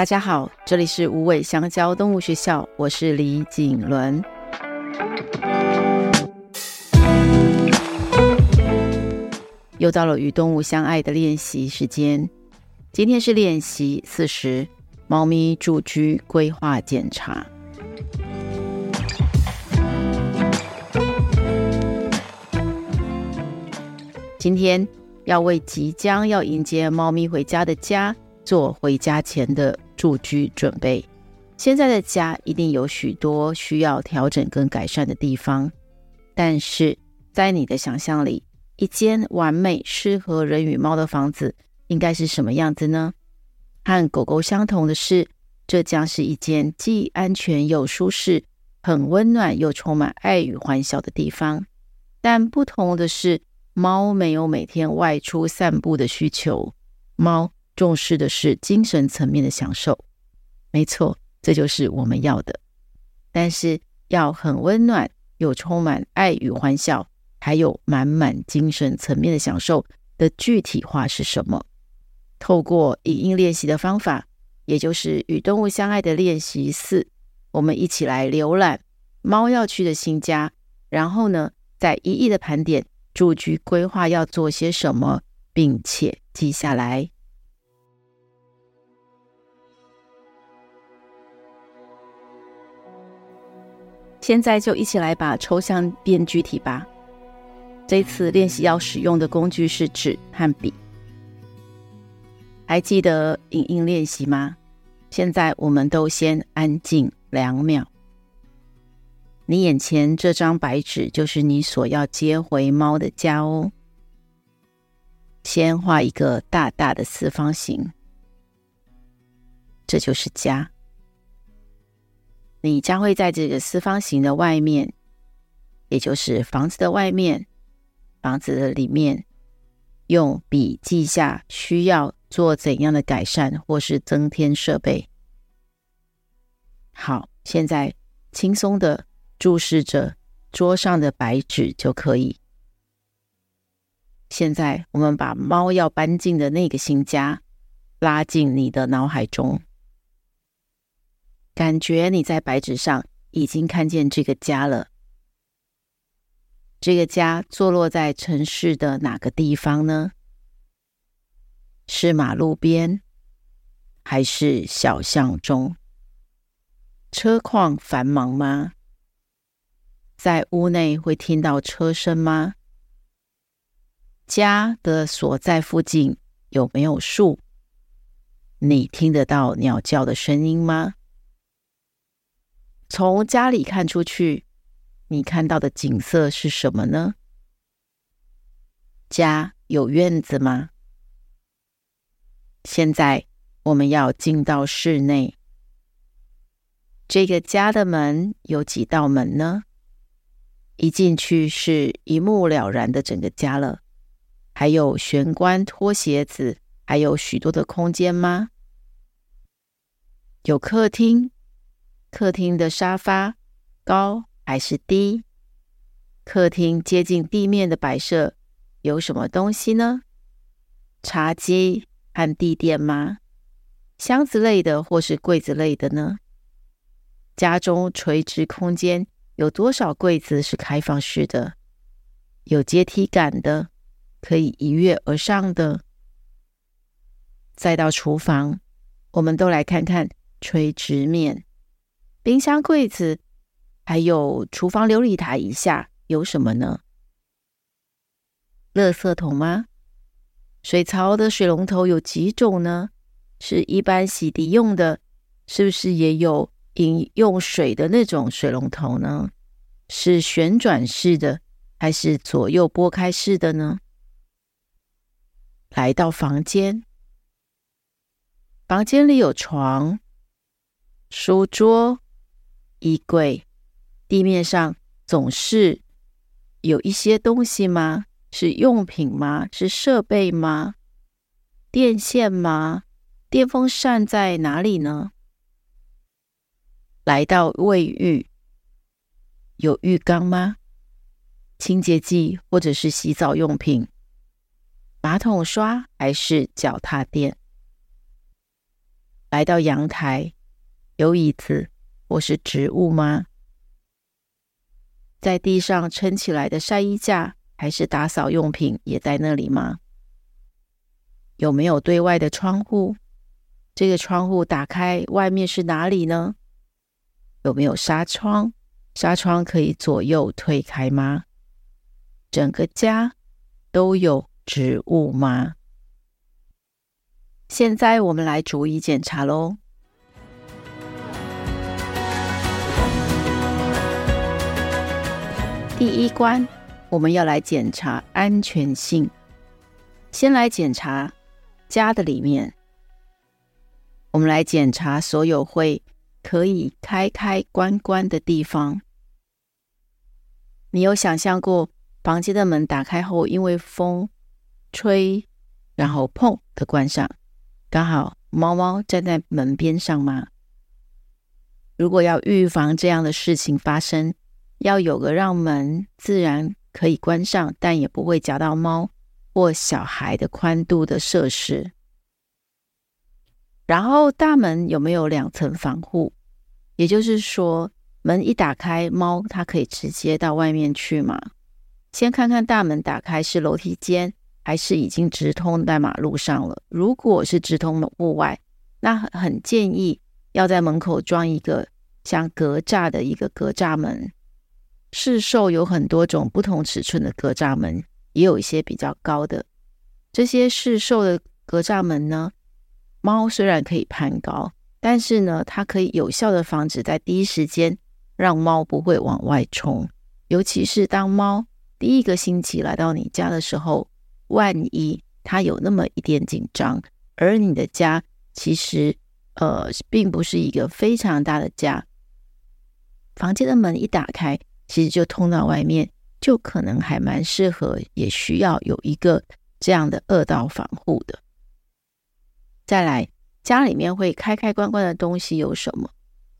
大家好，這裡是無尾香蕉動物學校，我是李瑾倫。又到了與動物相愛的練習時間，今天是練習四十，貓咪住居規劃檢查。今天要為即將要迎接貓咪回家的家，做回家前的。住居準備，現在的家一定有許多需要調整跟改善的地方。但是在你的想象裡，一間完美適合人與貓的房子應該是什麼樣子呢？和狗狗相同的是，這將是一間既安全又舒適、很溫暖又充滿愛與歡笑的地方。但不同的是，貓沒有每天外出散步的需求。貓。重視的是精神層面的享受，沒錯，這就是我們要的。但是要很溫暖，又充滿愛與歡笑，還有滿滿精神層面的享受的具體化是什麼？透過影印練習的方法，也就是與動物相愛的練習四，我們一起來瀏覽貓要去的新家，然後呢，再一一的盤點住居規劃要做些什麼，並且記下來。現在就一起來把抽象變具體吧！這次練習要使用的工具是紙和筆。還記得影印練習嗎？現在我們都先安靜兩秒。你眼前這張白紙就是你所要接回貓的家哦。先畫一個大大的四方形，這就是家。你將會在這個四方形的外面，也就是房子的外面，房子的裡面，用筆記下需要做怎樣的改善或是增添設備。好，現在輕鬆的注視着桌上的白紙就可以。現在，我們把貓要搬進的那個新家拉進你的腦海中。感覺你在白紙上已經看見這個家了。這個家坐落在城市的哪個地方呢？是馬路邊，還是小巷中？車況繁忙嗎？在屋內會聽到車聲嗎？家的所在附近有沒有樹？你聽得到鳥叫的聲音嗎？從家裡看出去，你看到的景色是什麼呢？家有院子嗎？現在我們要進到室內，這個家的門有幾道門呢？一進去是一目了然的整個家了，還有玄關脫鞋子，還有許多的空間嗎？有客廳。客廳的沙發高還是低？客廳接近地面的擺設有什麼東西呢？茶几和地墊嗎？箱子類的或是櫃子類的呢？家中垂直空間有多少櫃子是開放式的？有階梯感的，可以一躍而上的？再到廚房，我們都來看看垂直面。冰箱櫃子，還有廚房流理台以下有什麼呢？垃圾桶嗎？水槽的水龍頭有幾種呢？是一般洗滌用的，是不是也有飲用水的那種水龍頭呢？是旋轉式的，還是左右撥開式的呢？來到房間，房間裡有床、書桌。衣櫃，地面上總是有一些東西嗎？是用品嗎？是設備嗎？電線嗎？電風扇在哪裡呢？來到衛浴，有浴缸嗎？清潔劑或者是洗澡用品？馬桶刷還是腳踏墊？來到陽台，有椅子。或是植物嗎？在地上撐起來的曬衣架，還是打掃用品也在那裡嗎？有沒有對外的窗戶？這個窗戶打開，外面是哪裡呢？有沒有紗窗？紗窗可以左右推開嗎？整個家都有植物嗎？現在我們來逐一檢查嘍。第一關，我們要來檢查安全性。先來檢查家的裡面。我們來檢查所有會可以開開關關的地方。你有想象過房間的門打開後，因為風吹，然後砰的關上，剛好貓貓站在門邊上嗎？如果要預防這樣的事情發生，要有個讓門自然可以關上，但也不會夾到貓或小孩的寬度的設施。然後大門有沒有兩層防護？也就是說，門一打開，貓它可以直接到外面去嗎？先看看大門打開是樓梯間，還是已經直通在馬路上了？如果是直通的戶外，那很建議要在門口裝一個像格柵的一個格柵門。市售有很多種不同尺寸的格柵門，也有一些比較高的。這些市售的格柵門呢，貓雖然可以攀高，但是呢，它可以有效地防止在第一時間讓貓不會往外衝。尤其是當貓第一個星期來到你家的時候，萬一它有那麼一點緊張，而你的家其實呃並不是一個非常大的家，房間的門一打開。其實就通到外面，就可能還蠻適合，也需要有一個這樣的二道防護的。再來，家裡面會開開關關的東西有什麼？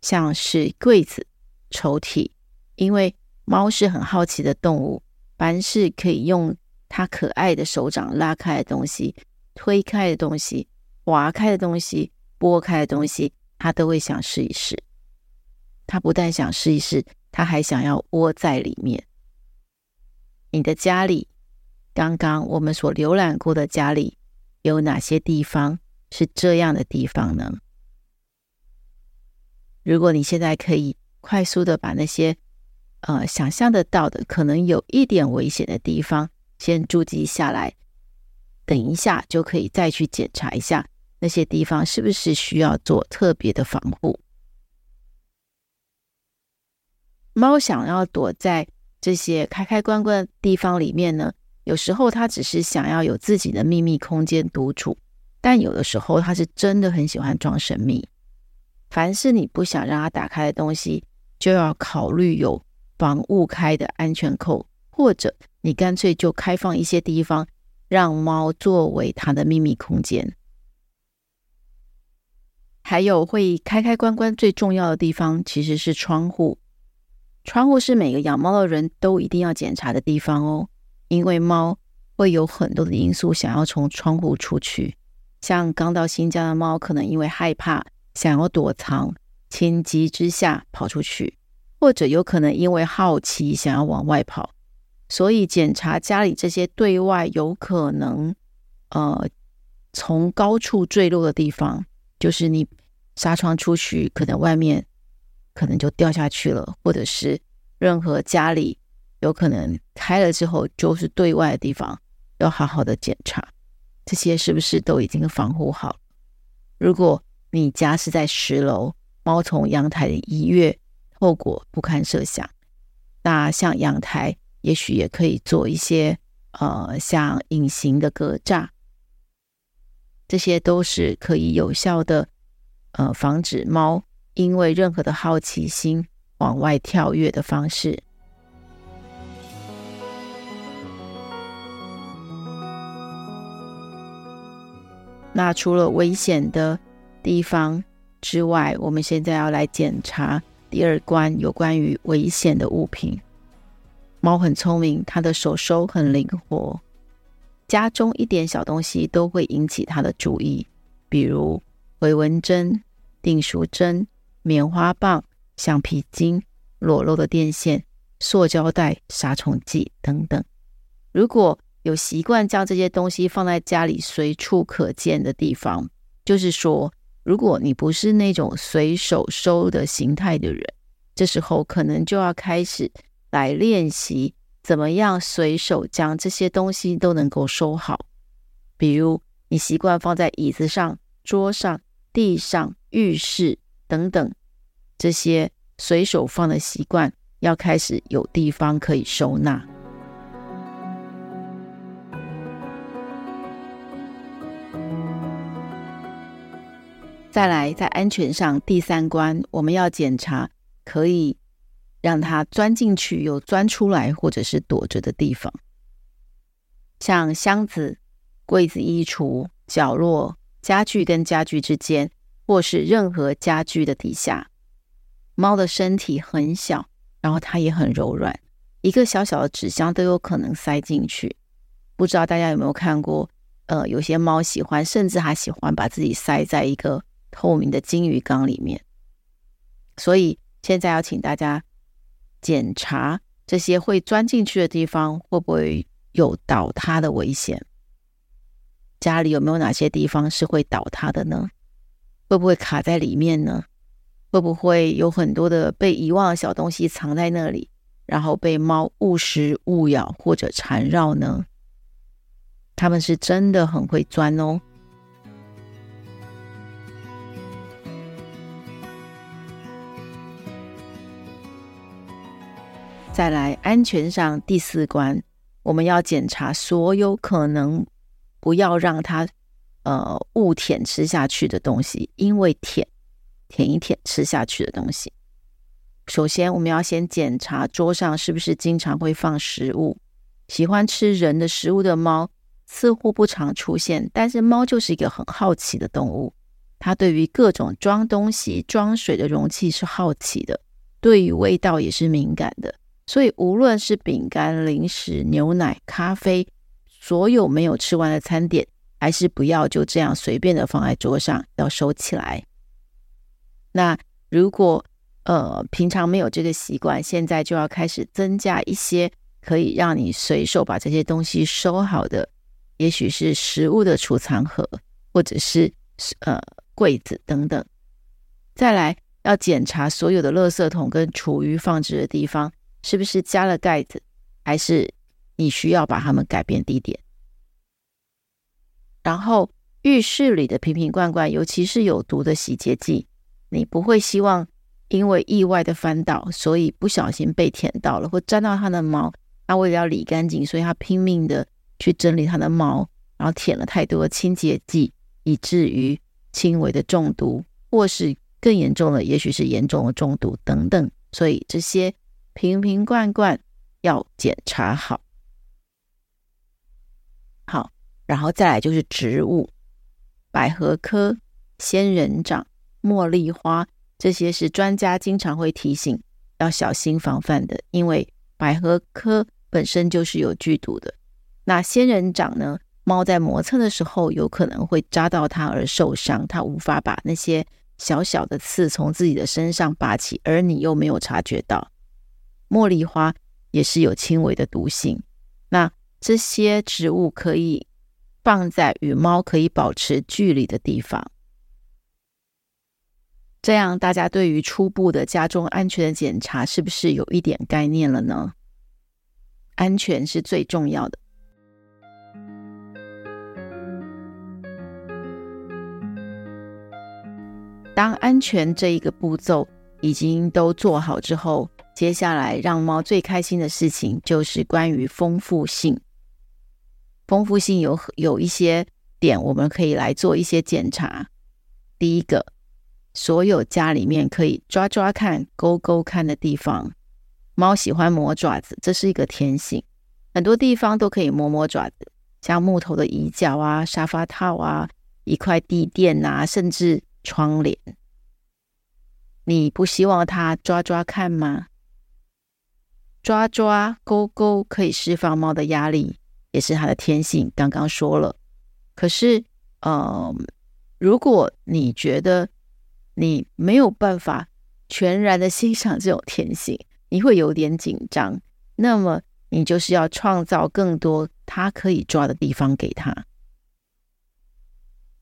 像是櫃子、抽屜，因為貓是很好奇的動物，凡是可以用它可愛的手掌拉開的東西、推開的東西、滑開的東西、撥開的東西，它都會想試一試。它不但想試一試，他還想要窩在裡面。你的家裡，剛剛我們所瀏覽過的家裡，有哪些地方是這樣的地方呢？如果你現在可以快速的把那些呃想象得到的可能有一點危險的地方，先註記下來，等一下就可以再去檢查一下那些地方是不是需要做特別的防護。貓想要躲在這些開開關關的地方裡面呢，有時候它只是想要有自己的秘密空間獨處，但有的時候它是真的很喜歡裝神秘。凡是你不想讓它打開的東西，就要考慮有防誤開的安全扣，或者你乾脆就開放一些地方，讓貓作為它的秘密空間。還有，會開開關關最重要的地方其實是窗戶。窗戶是每個養貓的人都一定要檢查的地方哦，因為貓會有很多的因素想要從窗戶出去，像剛到新家的貓，可能因為害怕想要躲藏，情急之下跑出去，或者有可能因為好奇想要往外跑，所以檢查家裡這些對外有可能，呃，從高處墜落的地方，就是你紗窗出去，可能外面。可能就掉下去了，或者是任何家裡有可能開了之後就是對外的地方，要好好的檢查這些是不是都已經防護好了。如果你家是在十樓，貓從陽台的一躍，後果不堪設想。那像陽台，也許也可以做一些呃像隱形的格柵，這些都是可以有效的呃防止貓。因為任何的好奇心往外跳躍的方式，那除了危險的地方之外，我們現在要來檢查第二關，有關於危險的物品。貓很聰明，它的手收很靈活，家中一點小東西都會引起它的注意，比如回紋針、訂書針。棉花棒、橡皮筋、裸露的電線、塑膠袋、殺蟲劑等等。如果有習慣將這些東西放在家裡隨處可見的地方，就是說，如果你不是那種隨手收的形態的人，這時候可能就要開始來練習怎麼樣隨手將這些東西都能夠收好。比如，你習慣放在椅子上、桌上、地上、浴室。等等，這些隨手放的習慣要開始有地方可以收納。再來，在安全上第三關，我們要檢查可以讓它鑽進去又鑽出來，或者是躲着的地方，像箱子、櫃子、衣櫥、角落、家具跟家具之間。或是任何家具的底下，貓的身體很小，然後它也很柔軟，一個小小的紙箱都有可能塞進去。不知道大家有沒有看過，呃，有些貓喜歡，甚至還喜歡把自己塞在一個透明的金魚缸裡面。所以現在要請大家檢查這些會鑽進去的地方，會不會有倒塌的危險？家裡有沒有哪些地方是會倒塌的呢？會不會卡在裡面呢？會不會有很多的被遺忘的小東西藏在那裡，然後被貓誤食、誤咬或者纏繞呢？他們是真的很會鑽哦。再來，安全上第四關，我們要檢查所有可能，不要讓它。呃，誤舔吃下去的東西，因為舔舔一舔吃下去的東西。首先，我們要先檢查桌上是不是經常會放食物。喜歡吃人的食物的貓似乎不常出現，但是貓就是一個很好奇的動物，它對於各種裝東西、裝水的容器是好奇的，對於味道也是敏感的。所以，無論是餅乾、零食、牛奶、咖啡，所有沒有吃完的餐點。還是不要就這樣隨便的放在桌上，要收起來。那如果呃平常沒有這個習慣，現在就要開始增加一些可以讓你隨手把這些東西收好的，也許是食物的儲藏盒，或者是是呃櫃子等等。再來要檢查所有的垃圾桶跟廚餘放置的地方，是不是加了蓋子，還是你需要把它們改變地點。然後，浴室裡的瓶瓶罐罐，尤其是有毒的洗潔劑，你不會希望因為意外的翻倒，所以不小心被舔到了，或沾到它的毛。那、啊、為了要理乾淨，所以它拼命的去整理它的毛，然後舔了太多清潔劑，以至於輕微的中毒，或是更嚴重的，也許是嚴重的中毒等等。所以這些瓶瓶罐罐要檢查好。好。然後再來就是植物，百合科、仙人掌、茉莉花，這些是專家經常會提醒要小心防範的，因為百合科本身就是有劇毒的。那仙人掌呢？貓在磨蹭的時候有可能會扎到它而受傷，它無法把那些小小的刺從自己的身上拔起，而你又沒有察覺到。茉莉花也是有輕微的毒性。那這些植物可以。放在與貓可以保持距離的地方，這樣大家對於初步的家中安全的檢查是不是有一點概念了呢？安全是最重要的。當安全這一個步驟已經都做好之後，接下來讓貓最開心的事情就是關於豐富性。豐富性有有一些點，我們可以來做一些檢查。第一個，所有家裡面可以抓抓看、勾勾看的地方，貓喜歡磨爪子，這是一個天性，很多地方都可以磨磨爪子，像木頭的椅腳啊、沙發套啊、一塊地墊啊，甚至窗簾。你不希望它抓抓看嗎？抓抓勾勾可以釋放貓的壓力。也是他的天性，剛剛說了。可是，呃，如果你覺得你沒有辦法全然的欣賞這種天性，你會有點緊張，那麼你就是要創造更多他可以抓的地方給他。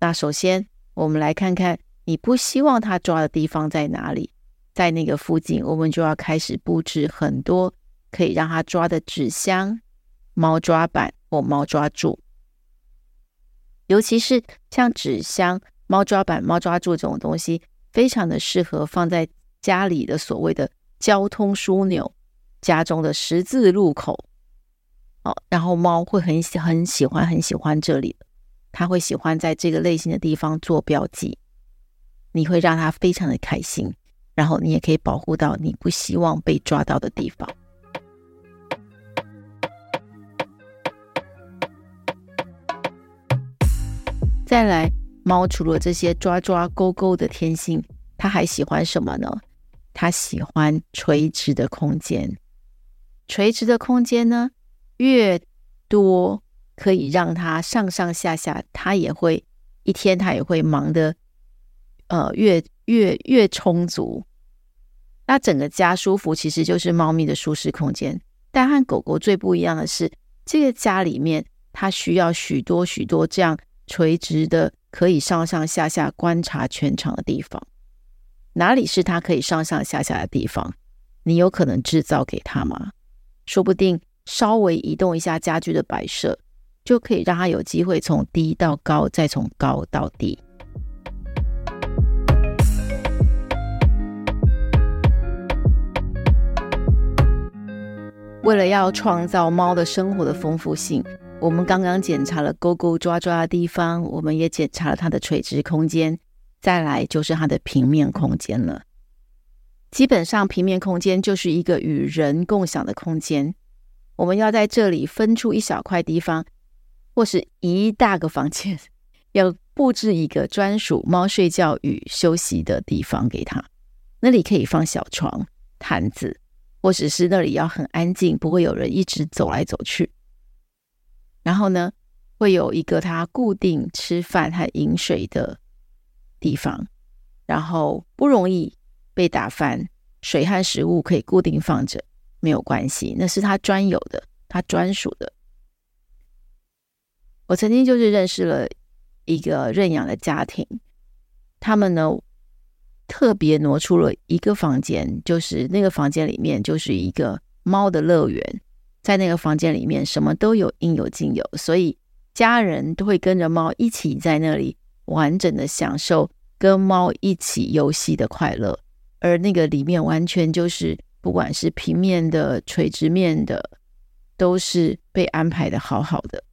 那首先，我們來看看你不希望他抓的地方在哪裡，在那個附近，我們就要開始佈置很多可以讓他抓的紙箱、貓抓板或貓抓柱，尤其是像紙箱、貓抓板、貓抓柱這種東西，非常的適合放在家裡的所謂的交通樞紐、家中的十字路口。哦，然後貓會很、很喜歡、很喜歡這裡，它會喜歡在這個類型的地方做標記，你會讓它非常的開心，然後你也可以保護到你不希望被抓到的地方。再來，貓除了這些抓抓勾勾的天性，它還喜歡什麼呢？它喜歡垂直的空間。垂直的空間呢，越多可以讓它上上下下，它也會，一天它也會忙得，呃，越越越充足。那整個家舒服，其實就是貓咪的舒適空間。但和狗狗最不一樣的是，這個家裡面它需要許多許多這樣。垂直的，可以上上下下觀察全場的地方，哪裡是他可以上上下下的地方？你有可能制造給他嗎？說不定稍微移動一下家具的擺設，就可以讓他有機會從低到高，再從高到低。為了要創造貓的生活的豐富性。我們剛剛檢查了勾勾抓抓的地方，我們也檢查了它的垂直空間，再來就是它的平面空間了。基本上，平面空間就是一個與人共享的空間。我們要在這裡分出一小塊地方，或是一大個房間，要布置一個專屬貓睡覺與休息的地方給它。那裡可以放小床、毯子，或者是，是那裡要很安靜，不會有人一直走來走去。然後呢，會有一個它固定吃飯和飲水的地方，然後不容易被打翻，水和食物可以固定放着，沒有關係，那是它專有的，它專屬的。我曾經就是認識了一個認養的家庭，他們呢特別挪出了一個房間，就是那個房間裡面就是一個貓的樂園。在那個房間裡面，什麼都有，應有盡有，所以家人都會跟着貓一起在那裡完整的享受跟貓一起遊戲的快樂。而那個裡面完全就是，不管是平面的、垂直面的，都是被安排得好好的。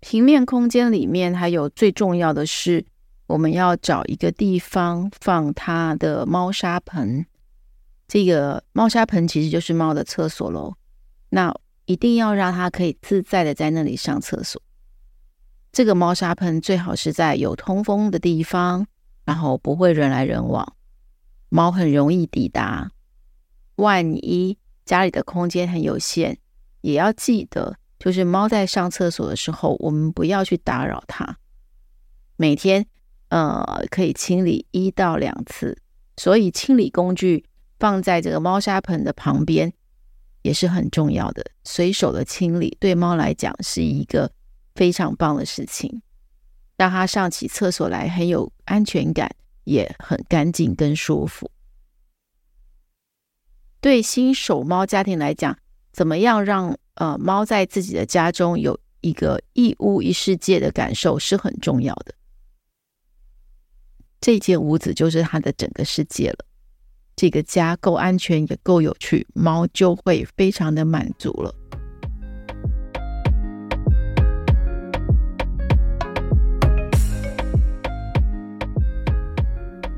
平面空間裡面，還有最重要的是，我們要找一個地方放它的貓砂盆。這個貓砂盆其實就是貓的廁所嘍。那一定要讓它可以自在的在那裡上廁所。這個貓砂盆最好是在有通風的地方，然後不會人來人往，貓很容易抵達。萬一家裡的空間很有限，也要記得，就是貓在上廁所的時候，我們不要去打擾它。每天呃可以清理一到兩次，所以清理工具放在這個貓砂盆的旁邊。也是很重要的，隨手的清理對貓來講是一個非常棒的事情，讓它上起廁所來很有安全感，也很乾淨跟舒服。對新手貓家庭來講，怎麼樣讓呃貓在自己的家中有一個一屋一世界的感受是很重要的，這間屋子就是它的整個世界了。這個家夠安全也夠有趣，貓就會非常的滿足了。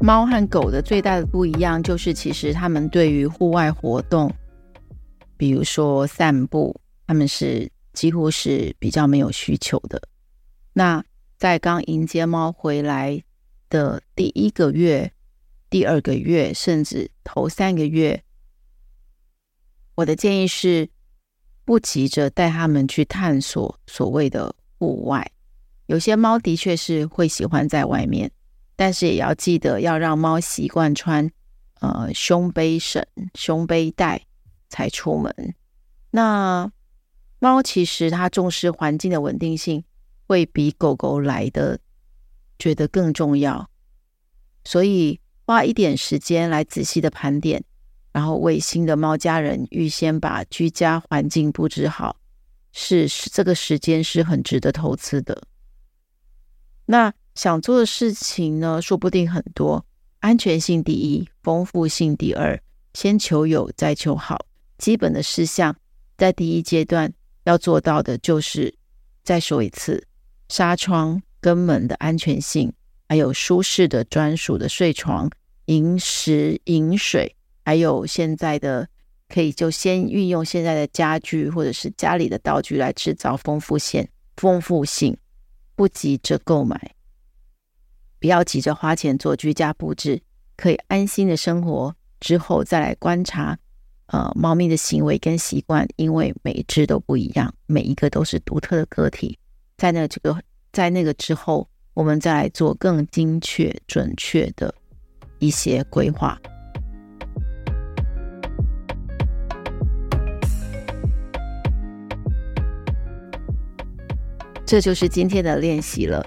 貓和狗的最大的不一樣，就是其實它們對於戶外活動，比如說散步，它們是幾乎是比較沒有需求的。那在剛迎接貓回來的第一個月。第二個月，甚至頭三個月，我的建議是不急着帶牠們去探索所謂的戶外。有些貓的確是會喜歡在外面，但是也要記得要讓貓習慣穿，呃，胸背繩、胸背帶才出門。那貓其實它重視環境的穩定性，會比狗狗來的覺得更重要，所以。花一點時間來仔細的盤點，然後為新的貓家人預先把居家環境布置好，是，這個時間是很值得投資的。那想做的事情呢，說不定很多。安全性第一，豐富性第二，先求有再求好。基本的事項，在第一階段要做到的就是，再說一次，紗窗、跟門的安全性，還有舒適的專屬的睡床。飲食、飲水，還有現在的可以就先運用現在的家具或者是家裡的道具來制造豐富性、豐富性，不急着購買，不要急着花錢做居家布置，可以安心的生活，之後再來觀察。呃，貓咪的行為跟習慣，因為每一只都不一樣，每一個都是獨特的個體。在那這個，在那個之後，我們再來做更精確、準確的一些規劃，這就是今天的練習了。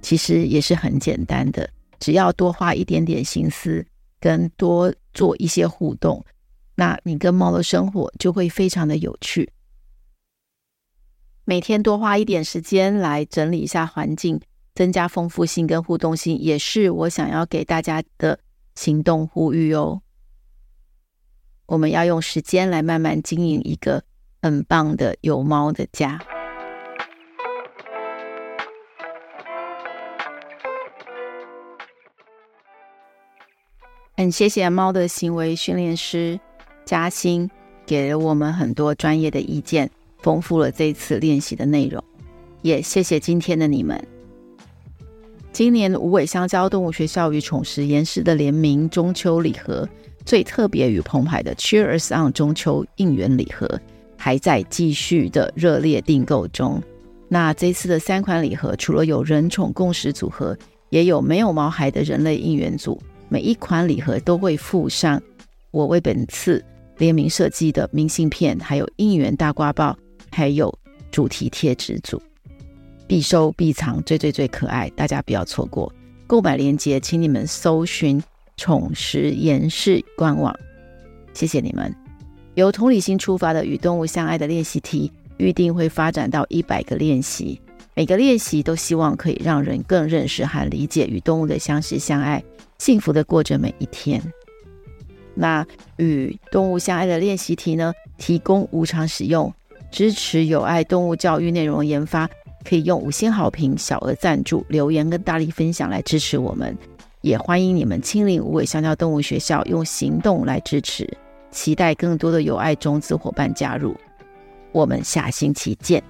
其實也是很簡單的，只要多花一點點心思，跟多做一些互動，那你跟貓的生活就會非常的有趣。每天多花一點時間來整理一下環境，增加豐富性跟互動性，也是我想要給大家的。行動呼籲哦！我們要用時間來慢慢經營一個很棒的有貓的家。很謝謝貓的行為訓練師嘉欣給了我們很多專業的意見，豐富了這次練習的內容。也謝謝今天的你們。今年無尾香蕉動物學校與寵食研室的聯名中秋禮盒，最特別與澎湃的 Cheers on 中秋應援禮盒，還在繼續的熱烈訂購中。那這次的三款禮盒，除了有人寵共識組合，也有沒有毛孩的人類應援組。每一款禮盒都會附上我為本次聯名設計的明信片，還有應援大刮報，還有主題貼紙組。必收必藏，最最最可愛，大家不要錯過。購買鏈接，請你們搜尋“寵食嚴氏”官網。謝謝你們！由同理心出發的與動物相愛的練習題，預定會發展到一百個練習，每個練習都希望可以讓人更認識和理解與動物的相識相愛，幸福的過着每一天。那與動物相愛的練習題呢？提供無償使用，支持有愛動物教育內容研發。可以用五星好評、小額贊助、留言跟大力分享來支持我們，也歡迎你們親臨無尾香蕉動物學校，用行動來支持。期待更多的有愛種子夥伴加入，我們下星期見。